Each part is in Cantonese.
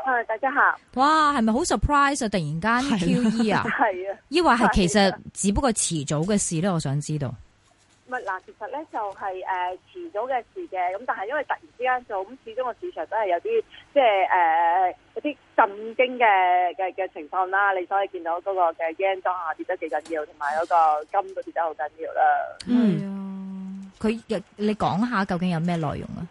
誒、呃，大家吓！哇，係咪好 surprise 啊？突然間 QE 啊？抑或係其實只不過遲早嘅事咧，我想知道。係、呃、嗱，其實咧就係誒遲早嘅事嘅，咁但係因為突然之間做，咁始終個市場都係有啲即係誒嗰啲震驚嘅嘅嘅情況啦。你所以見到嗰個嘅 yen 當下跌得幾緊要，同埋嗰個金都跌得好緊要啦。嗯，佢、嗯、你講下究竟有咩內容啊？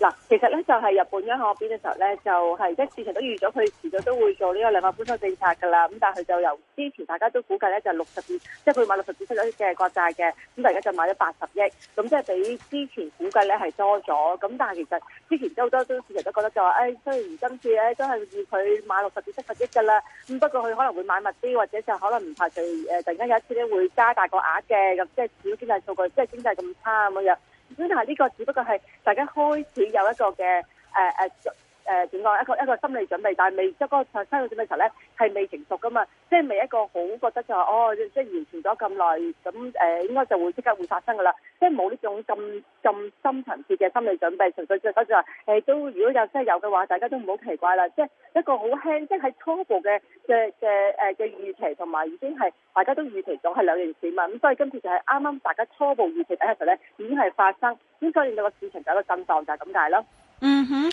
嗱，其實咧就係日本央行變嘅時候咧，就係即係市場都預咗佢遲早都會做呢個量化寬鬆政策㗎啦。咁但係佢就由之前大家都估計咧，就六十億，即係佢買六十至七十億嘅國債嘅。咁但係而家就買咗八十億，咁即係比之前估計咧係多咗。咁但係其實之前都好多都市場都覺得就話，誒雖然今次咧都係預佢買六十至七十億嘅啦，咁不過佢可能會買密啲，或者就可能唔排除誒突然間有一次咧會加大個額嘅咁，即係如果經濟數據即係經濟咁差咁樣。咁但係，呢個只不過係大家開始有一個嘅誒、呃啊誒點講一個一個心理準備，但係未即嗰個心理準備時候咧，係未成熟噶嘛，即係未一個好覺得就話哦，即係延遲咗咁耐，咁誒應該就會即刻會發生噶啦，即係冇呢種咁咁深層次嘅心理準備，純粹就嗰句話誒都如果有真係有嘅話，大家都唔好奇怪啦，即係一個好輕，即係初步嘅嘅嘅誒嘅預期同埋已經係大家都預期咗係兩件事嘛，咁所以今次就係啱啱大家初步預期緊嘅時候咧，已經係發生，應該令到個事情就一個震盪就係咁解啦。嗯哼。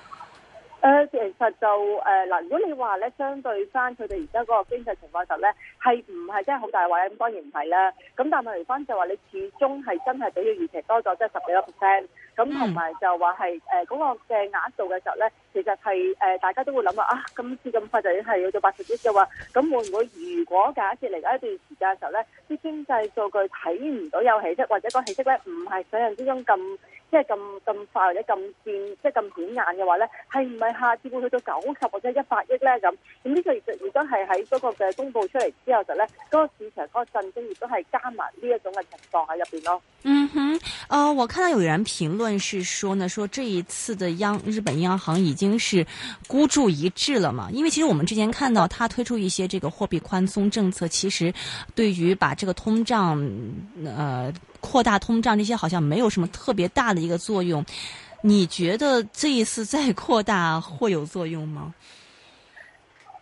誒、呃、其實就誒嗱、呃，如果你話咧，相對翻佢哋而家嗰個經濟情況嘅時候咧，係唔係真係好大位？咁當然唔係啦。咁但係嚟翻就話你始終係真係畀佢預期多咗即係十幾個 percent。咁同埋就話係誒嗰個嘅額度嘅時候咧，其實係誒、呃、大家都會諗啊，啊今次咁快就已經係要到八十億嘅話，咁會唔會如果假設嚟緊一段時間嘅時候咧，啲經濟數據睇唔到有起色，或者個起色咧唔係想象之中咁？即係咁咁快或者咁變，即係咁顯眼嘅話咧，係唔係下次會去到九十或者一百億咧咁？咁、嗯、呢、這個其實而家係喺嗰個嘅公佈出嚟之後就咧，嗰、這個市場嗰、這個震動亦都係加埋呢一種嘅情況喺入邊咯。嗯哼，誒、呃，我看到有人評論是說呢，說這一次的央日本央行已經是孤注一擲了嘛？因為其實我們之前看到他推出一些這個貨幣寬鬆政策，其實對於把這個通脹，誒、呃。擴大通脹，這些好像沒有什麼特別大的一個作用，你覺得這一次再擴大會有作用嗎？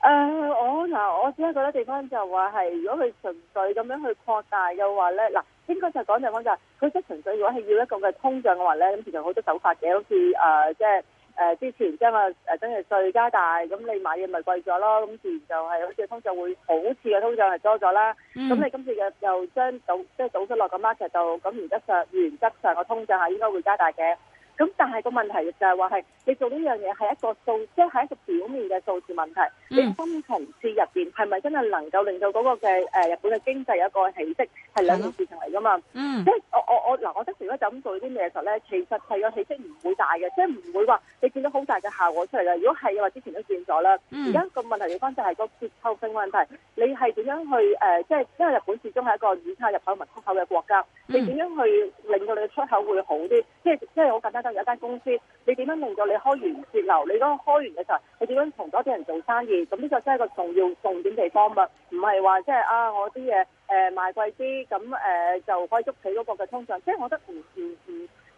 誒、呃，我嗱，我只係覺得地方就話、是、係，如果佢純粹咁樣去擴大嘅話咧，嗱，應該就講就講就係，佢即純粹，如果係要一個嘅通脹嘅話咧，咁其實好多手法嘅，好似誒即係。誒之前即係話誒增值稅加大，咁你買嘢咪貴咗咯？咁自然就係好似通脹會好似嘅通脹係多咗啦。咁、mm. 你今次又又將倒即係、即係、倒出落個 market 度，咁原則上原則上個通脹係應該會加大嘅。咁但係個問題就係話係你做呢樣嘢係一個數，即係一個表面嘅數字問題。嗯、你深層次入邊係咪真係能夠令到嗰個嘅誒日本嘅經濟有一個起色，係兩件事情嚟噶嘛？即、嗯、係、嗯就是、我我我嗱，我，我，我當時如果就咁做啲咩嘢嘅時候咧，其實係個起色唔會大嘅，即係唔會話你見到好大嘅效果出嚟啦。如果係嘅話，之前都見咗啦。而家個問題地方就係個結構性問題，你係點樣去誒？即、呃、係、就是、因為日本始終係一個以差入口、民出口嘅國家，你點樣去令到你嘅出口會好啲？即係即係好簡單。有間公司，你點樣令到你開完節流？你嗰個開完嘅時候，你點樣同多啲人做生意？咁呢個真係一個重要重點地方嘛，唔係話即係啊，我啲嘢，誒，賣貴啲，咁誒就可以捉起嗰個嘅通脹，即係我覺得唔掂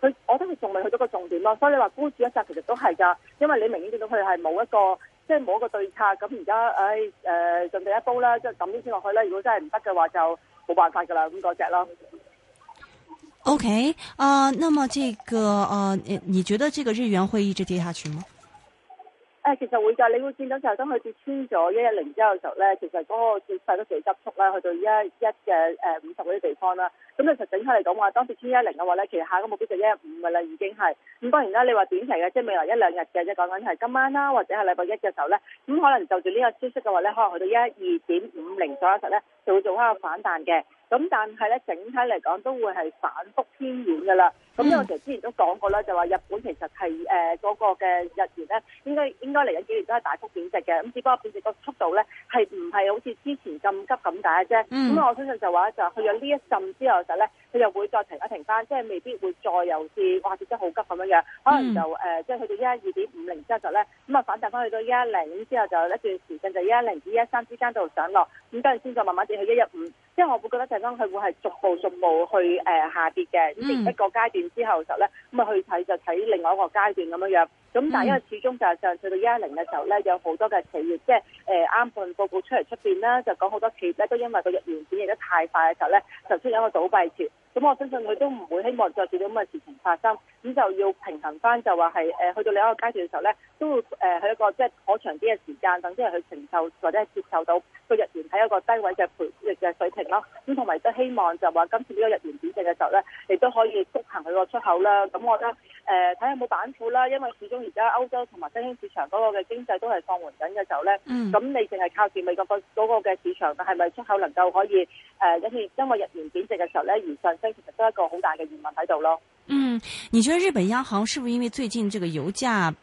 佢，我覺得仲未去到個重點咯。所以你話孤注一擲，其實都係噶，因為你明顯見到佢係冇一個，即係冇一個對策。咁而家，唉、哎，誒、呃，盡地一煲啦，即係抌啲錢落去啦。如果真係唔得嘅話，就冇辦法噶啦，咁嗰隻咯。O K，啊，那麼這個、呃，你覺得這個日元會一直跌下去嗎？誒、呃，其實會噶，你會見到就係當佢跌穿咗一一零之後嘅時候咧，其實嗰個跌勢都幾急促啦，去到一一嘅誒五十嗰啲地方啦。咁、嗯、其實整體嚟講話，當跌穿一一零嘅話咧，其實下一個目標就一一五噶啦，已經係。咁當然啦，你話短期嘅，即係未來一兩日嘅，即係講緊係今晚啦，或者係禮拜一嘅時候咧，咁、嗯、可能就住呢個消息嘅話咧，可能去到一一二點五零左右時候咧，就會做翻個反彈嘅。咁但係咧，整體嚟講都會係反覆偏軟㗎啦。咁因為其實之前都講過啦，就話日本其實係嗰、呃那個嘅日元咧，應該應該嚟緊幾年都係大幅貶值嘅。咁只不過貶值個速度咧係唔係好似之前咁急咁大嘅啫。咁、嗯、我相信就話就去咗呢一陣之後呢就咧，佢又會再停一停翻，即係未必會再有是哇跌得好急咁樣樣，可能就即係、呃、去到一一二點五零之後就咧咁啊反彈翻去到一一零之後就一段時間就一一零至一一三之間度上落，咁跟住先再慢慢跌去一一五。即係我會覺得，睇翻佢會係逐步逐步去誒下跌嘅，一個階段之後嘅時候咧，咁啊去睇就睇另外一個階段咁樣樣。咁但係因為始終就係上去到一一零嘅時候咧，有好多嘅企業即係誒啱半報告出嚟出邊啦，就講好多企業咧都因為個日元展現得太快嘅時候咧，就出現一個倒閉潮。咁我相信佢都唔會希望再有啲咁嘅事情發生，咁就要平衡翻就話係誒去到另外一個階段嘅時候咧，都會誒喺一個即係可長啲嘅時間，等即人去承受或者係接受到個日元喺一個低位嘅盤。咁同埋都希望就話今次呢個日元貶值嘅時候咧，亦都可以促行佢個出口啦。咁我覺得誒睇下有冇板斧啦，因為始終而家歐洲同埋新興市場嗰個嘅經濟都係放緩緊嘅時候咧，咁你淨係靠住美國個嗰個嘅市場，但係咪出口能夠可以誒？因為因為日元貶值嘅時候咧，而上升其實都係一個好大嘅疑問喺度咯。嗯，你覺得日本央行是不是因為最近這個油價？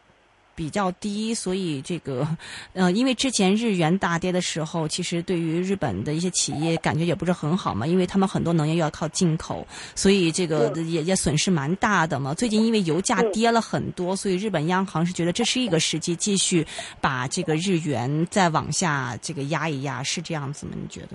比較低，所以這個，呃，因為之前日元大跌的時候，其實對於日本的一些企業感覺也不是很好嘛，因為他們很多能源又要靠進口，所以這個也也損失蠻大的嘛。最近因為油價跌了很多，所以日本央行是覺得這是一個時機，繼續把這個日元再往下這個壓一壓，是這樣子嗎？你覺得？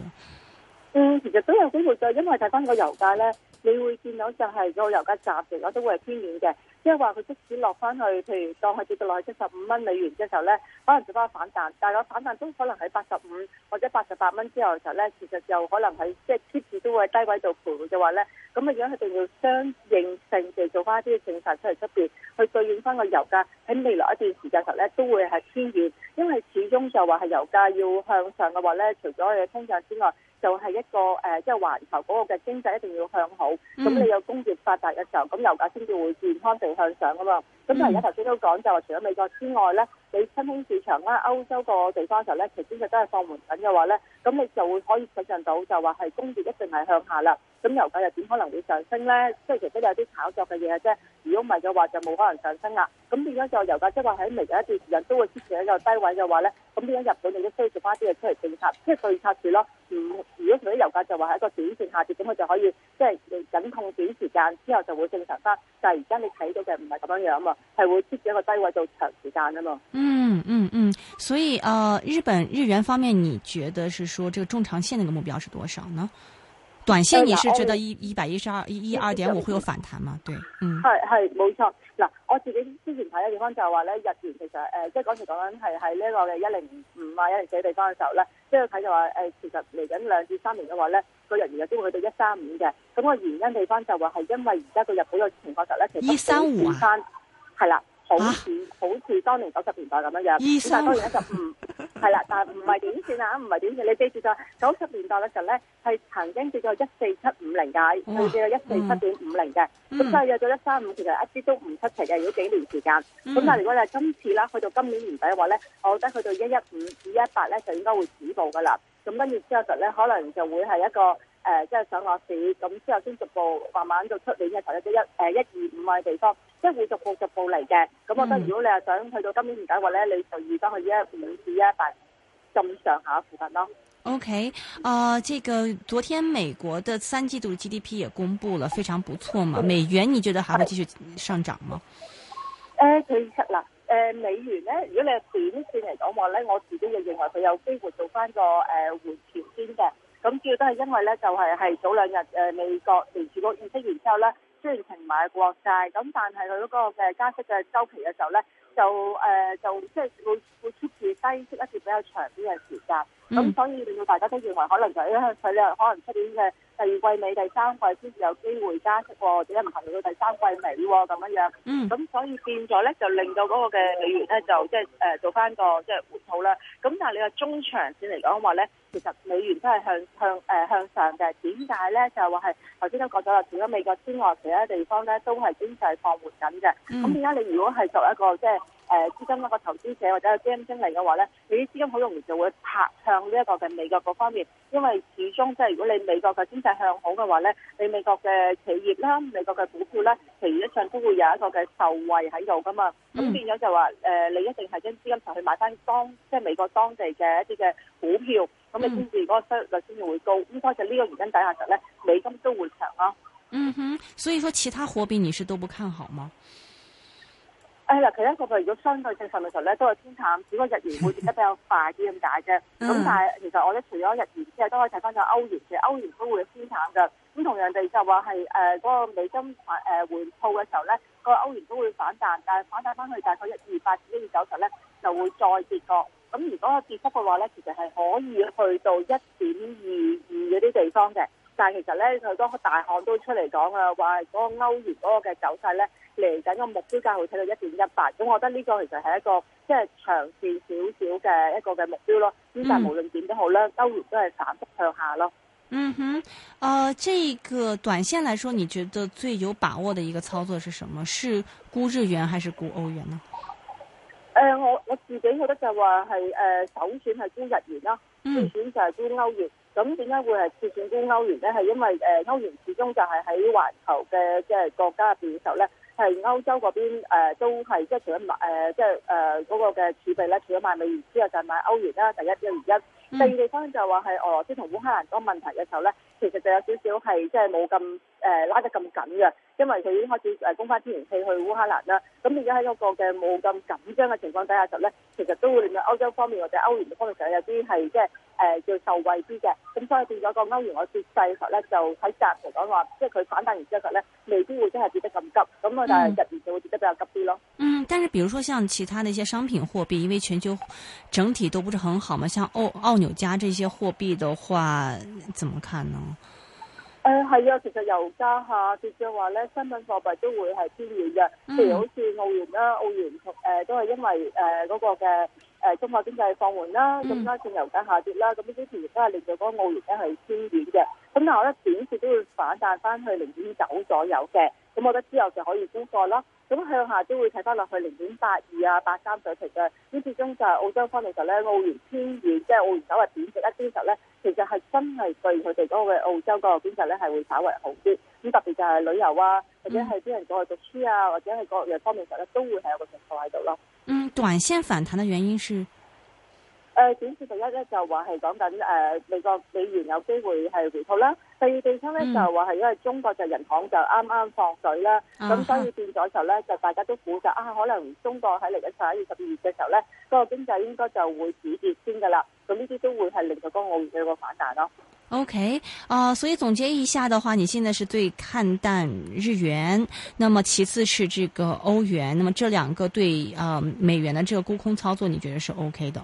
嗯，其實都有機會就因為睇翻個油價呢，你會見到就係個油價暫時我都會偏軟嘅。即係話佢即使落翻去，譬如當佢跌到落去七十五蚊美元嘅時候咧，可能就翻個反彈，但係個反彈都可能喺八十五或者八十八蚊之後嘅時候咧，其實就可能喺即係 keep 住都喺低位度徘徊嘅話咧，咁啊而佢哋要相應性地做翻一啲政策出嚟出邊，去對應翻個油價喺未來一段時間嘅時候咧，都會係偏軟，因為始終就話係油價要向上嘅話咧，除咗我哋嘅通脹之外，就係、是、一個誒，即係環球嗰個嘅經濟一定要向好，咁你有工業發達嘅時候，咁油價先至會健康啲。嗯嗯、向上噶嘛？咁但係而家頭先都講就話，除咗美國之外咧，你新興市場啦、啊，歐洲個地方嘅時候咧，其實其實都係放緩緊嘅話咧，咁你就會可以想像到就話係工業一定係向下啦。咁油價又點可能會上升咧？即係其實都有啲炒作嘅嘢嘅啫。如果唔係嘅話，就冇可能上升啊。咁變咗就油價即係話喺未來一段時間都會處喺一個低位嘅話咧，咁變咗入到日本就要推出翻啲嘢出嚟政策，即係對策住咯。唔，如果佢啲油價就話係一個短線下跌，咁佢就可以即係。就是咁控短時間之後就會正常翻，但係而家你睇到嘅唔係咁樣樣啊，嘛，係會 keep 住一個低位到長時間啊嘛。嗯嗯嗯，所以啊、呃，日本日元方面，你覺得是說這個中長線嘅個目標是多少呢？短線你是覺得一一百一十二一二點五會有反彈嘛？對，嗯，係係冇錯。嗱，我自己之前睇嘅地方就係話咧，日元其實誒，即、呃、係講住講緊係喺呢個嘅一零五啊一零四地方嘅時候咧，即係睇就話誒、呃，其實嚟緊兩至三年嘅話咧，個日元又都會去到一三五嘅。咁、那個原因地方就話係因為而家個日本嘅情況就咧，其實一三五啊，係啦。.好似好似當年九十年代咁樣樣，但係當然咧就唔係啦，但係唔係點算啊？唔係點算？你記住就九十年代嘅時候咧，係曾經跌到一四七五零噶，係跌到一四七點五零嘅。咁約咗一三五，其實一啲都唔出奇嘅。如果幾年時間，咁但係如果你今次啦，去到今年年底嘅話咧，我覺得去到一一五至一八咧，就應該會止步噶啦。咁跟住之後就咧，可能就會係一個誒，即係上落市，咁之後先逐步慢慢就出年嘅頭一啲一誒一二五嘅地方。即係會逐步逐步嚟嘅，咁我覺得如果你係想去到今年年底話咧，你就預翻去依一五至一八咁上下附近咯。O K，啊，這個昨天美國嘅三季度 G D P 也公布了，非常不錯嘛。美元你覺得還會繼續上漲嗎？誒、呃，其實嗱，誒、呃，美元咧，如果你係短線嚟講話咧，我自己就認為佢有機會做翻個誒回調先嘅。咁、呃嗯、主要都係因為咧，就係系早兩日誒、呃，美國聯儲局議息完之後咧。即係停埋國債，咁但係佢嗰個嘅加息嘅周期嘅時候咧，就誒就即係會會出現低息一段比較長啲嘅時間。咁、mm-hmm. 所以令到大家都認為可能就一、是、兩、兩可能出年嘅第二季尾、第三季先至有機會加息喎，或者唔行到到第三季尾喎咁樣。嗯。咁所以變咗咧，就令到嗰個嘅美元咧就即係誒做翻個即係、就是、活套啦。咁但係你中話中長線嚟講話咧，其實美元都係向向、呃、向上嘅。點解咧？就係話係頭先都講咗啦，除咗美國之外，其他地方咧都係經濟放緩緊嘅。咁點解你如果係做一個即係？就是誒，資金一個投資者或者係基金經理嘅話咧，你啲資金好容易就會拍向呢一個嘅美國嗰方面，因為始終即係如果你美國嘅經濟向好嘅話咧，你美國嘅企業啦、美國嘅股票咧，其一上都會有一個嘅受惠喺度噶嘛，咁、嗯、變咗就話誒，你一定係將資金上去買翻當即係美國當地嘅一啲嘅股票，咁、嗯、你先至嗰個收益率先至會高，咁所以就呢個原因底下就咧，美金都會強、啊。嗯哼，所以說其他貨幣你是都不看好嗎？其實其他貨幣如果相對性受力時咧，都係偏淡，只不過日元會跌得比較快啲咁解啫。咁、 嗯、但係其實我咧除咗日元之外，都可以睇翻咗歐元。其實歐元都會偏淡嘅。咁同樣地就話係誒嗰個美金誒回吐嘅時候咧，個歐元都會反彈，但係反彈翻去大概一二八至一二九時咧，就會再跌過。咁如果個跌幅嘅話咧，其實係可以去到一點二二嗰啲地方嘅。但其實咧，好多大行都出嚟講啦，話嗰個歐元嗰個嘅走勢咧，嚟緊個目標價會睇到一點一八。咁我覺得呢個其實係一個即係、就是、長線少少嘅一個嘅目標咯。咁但係無論點都好咧、嗯，歐元都係反覆向下咯。嗯哼，誒、呃，呢個短線來說，你覺得最有把握嘅一個操作是什麼？是沽日元還是沽歐元呢？誒、呃，我我自己覺得就話係誒首選係沽日元啦，嗯、備選就係沽歐元。咁，點解會係撤轉沽歐元呢？係因為誒，歐元始終就係喺環球嘅即係國家入邊嘅時候呢，係歐洲嗰邊誒、呃、都係即係除咗買誒即係誒嗰個嘅儲備呢，除咗買美元之後，就係、是、買歐元啦。第一，第二一。嗯、第二地方就係話係俄羅斯同烏克蘭個問題嘅時候咧，其實就有少少係即係冇咁誒拉得咁緊嘅，因為佢已經開始誒供翻天然氣去烏克蘭啦。咁而家喺嗰個嘅冇咁緊張嘅情況底下時候，就咧其實都會令到歐洲方面或者歐元嘅方面是就有啲係即係誒要受惠啲嘅。咁所以變咗個歐元嘅跌勢，其實咧就喺隔日嚟講話，即係佢反彈完之後咧，未必會真係跌得咁急。咁啊，但係日元就會跌得比較急啲咯。嗯，但是比如說，像其他的一些商品貨幣，因為全球整體都不是很好嘛，像歐澳澳。油價，這些貨幣的話，怎麼看呢？誒係啊，其實油價下跌嘅話咧，新聞貨幣都會係偏軟嘅。譬、嗯、如好似澳元啦，澳元誒、呃、都係因為誒嗰、呃那個嘅誒、呃、中國經濟放緩啦，咁、嗯嗯、加上油價下跌啦，咁呢啲錢而都係令到嗰個澳元咧係偏軟嘅。咁但係我咧短期都會反彈翻去零點九左右嘅。咁我覺得之後就可以供貨啦。咁向下都會睇翻落去零點八二啊、八三水平嘅。咁始終就係澳洲方面就咧澳元偏軟，即係澳元稍為貶值一啲嘅時候咧，其實係真係對佢哋嗰個嘅澳洲個經濟咧係會稍為好啲。咁特別就係旅遊啊，或者係啲人過去讀書啊，或者係各樣方面實咧，都會係有個情況喺度咯。嗯，短線反彈的原因是。誒、呃，點視第一咧就話係講緊誒，美國美元有機會係回吐啦。第二地心咧就話係因為中國就人行就啱啱放水啦，咁、嗯、所以變咗時候咧、啊、就大家都估就啊，可能中國喺嚟緊十一月十二月嘅時候咧，嗰個經濟應該就會止跌先噶啦。咁呢啲都會係令到個澳元有個反彈咯、哦。OK，啊，所以總結一下嘅話，你現在是對看淡日元，那麼其次是這個歐元，那麼這兩個對啊、呃、美元的這個沽空操作，你覺得是 O、okay、K 的？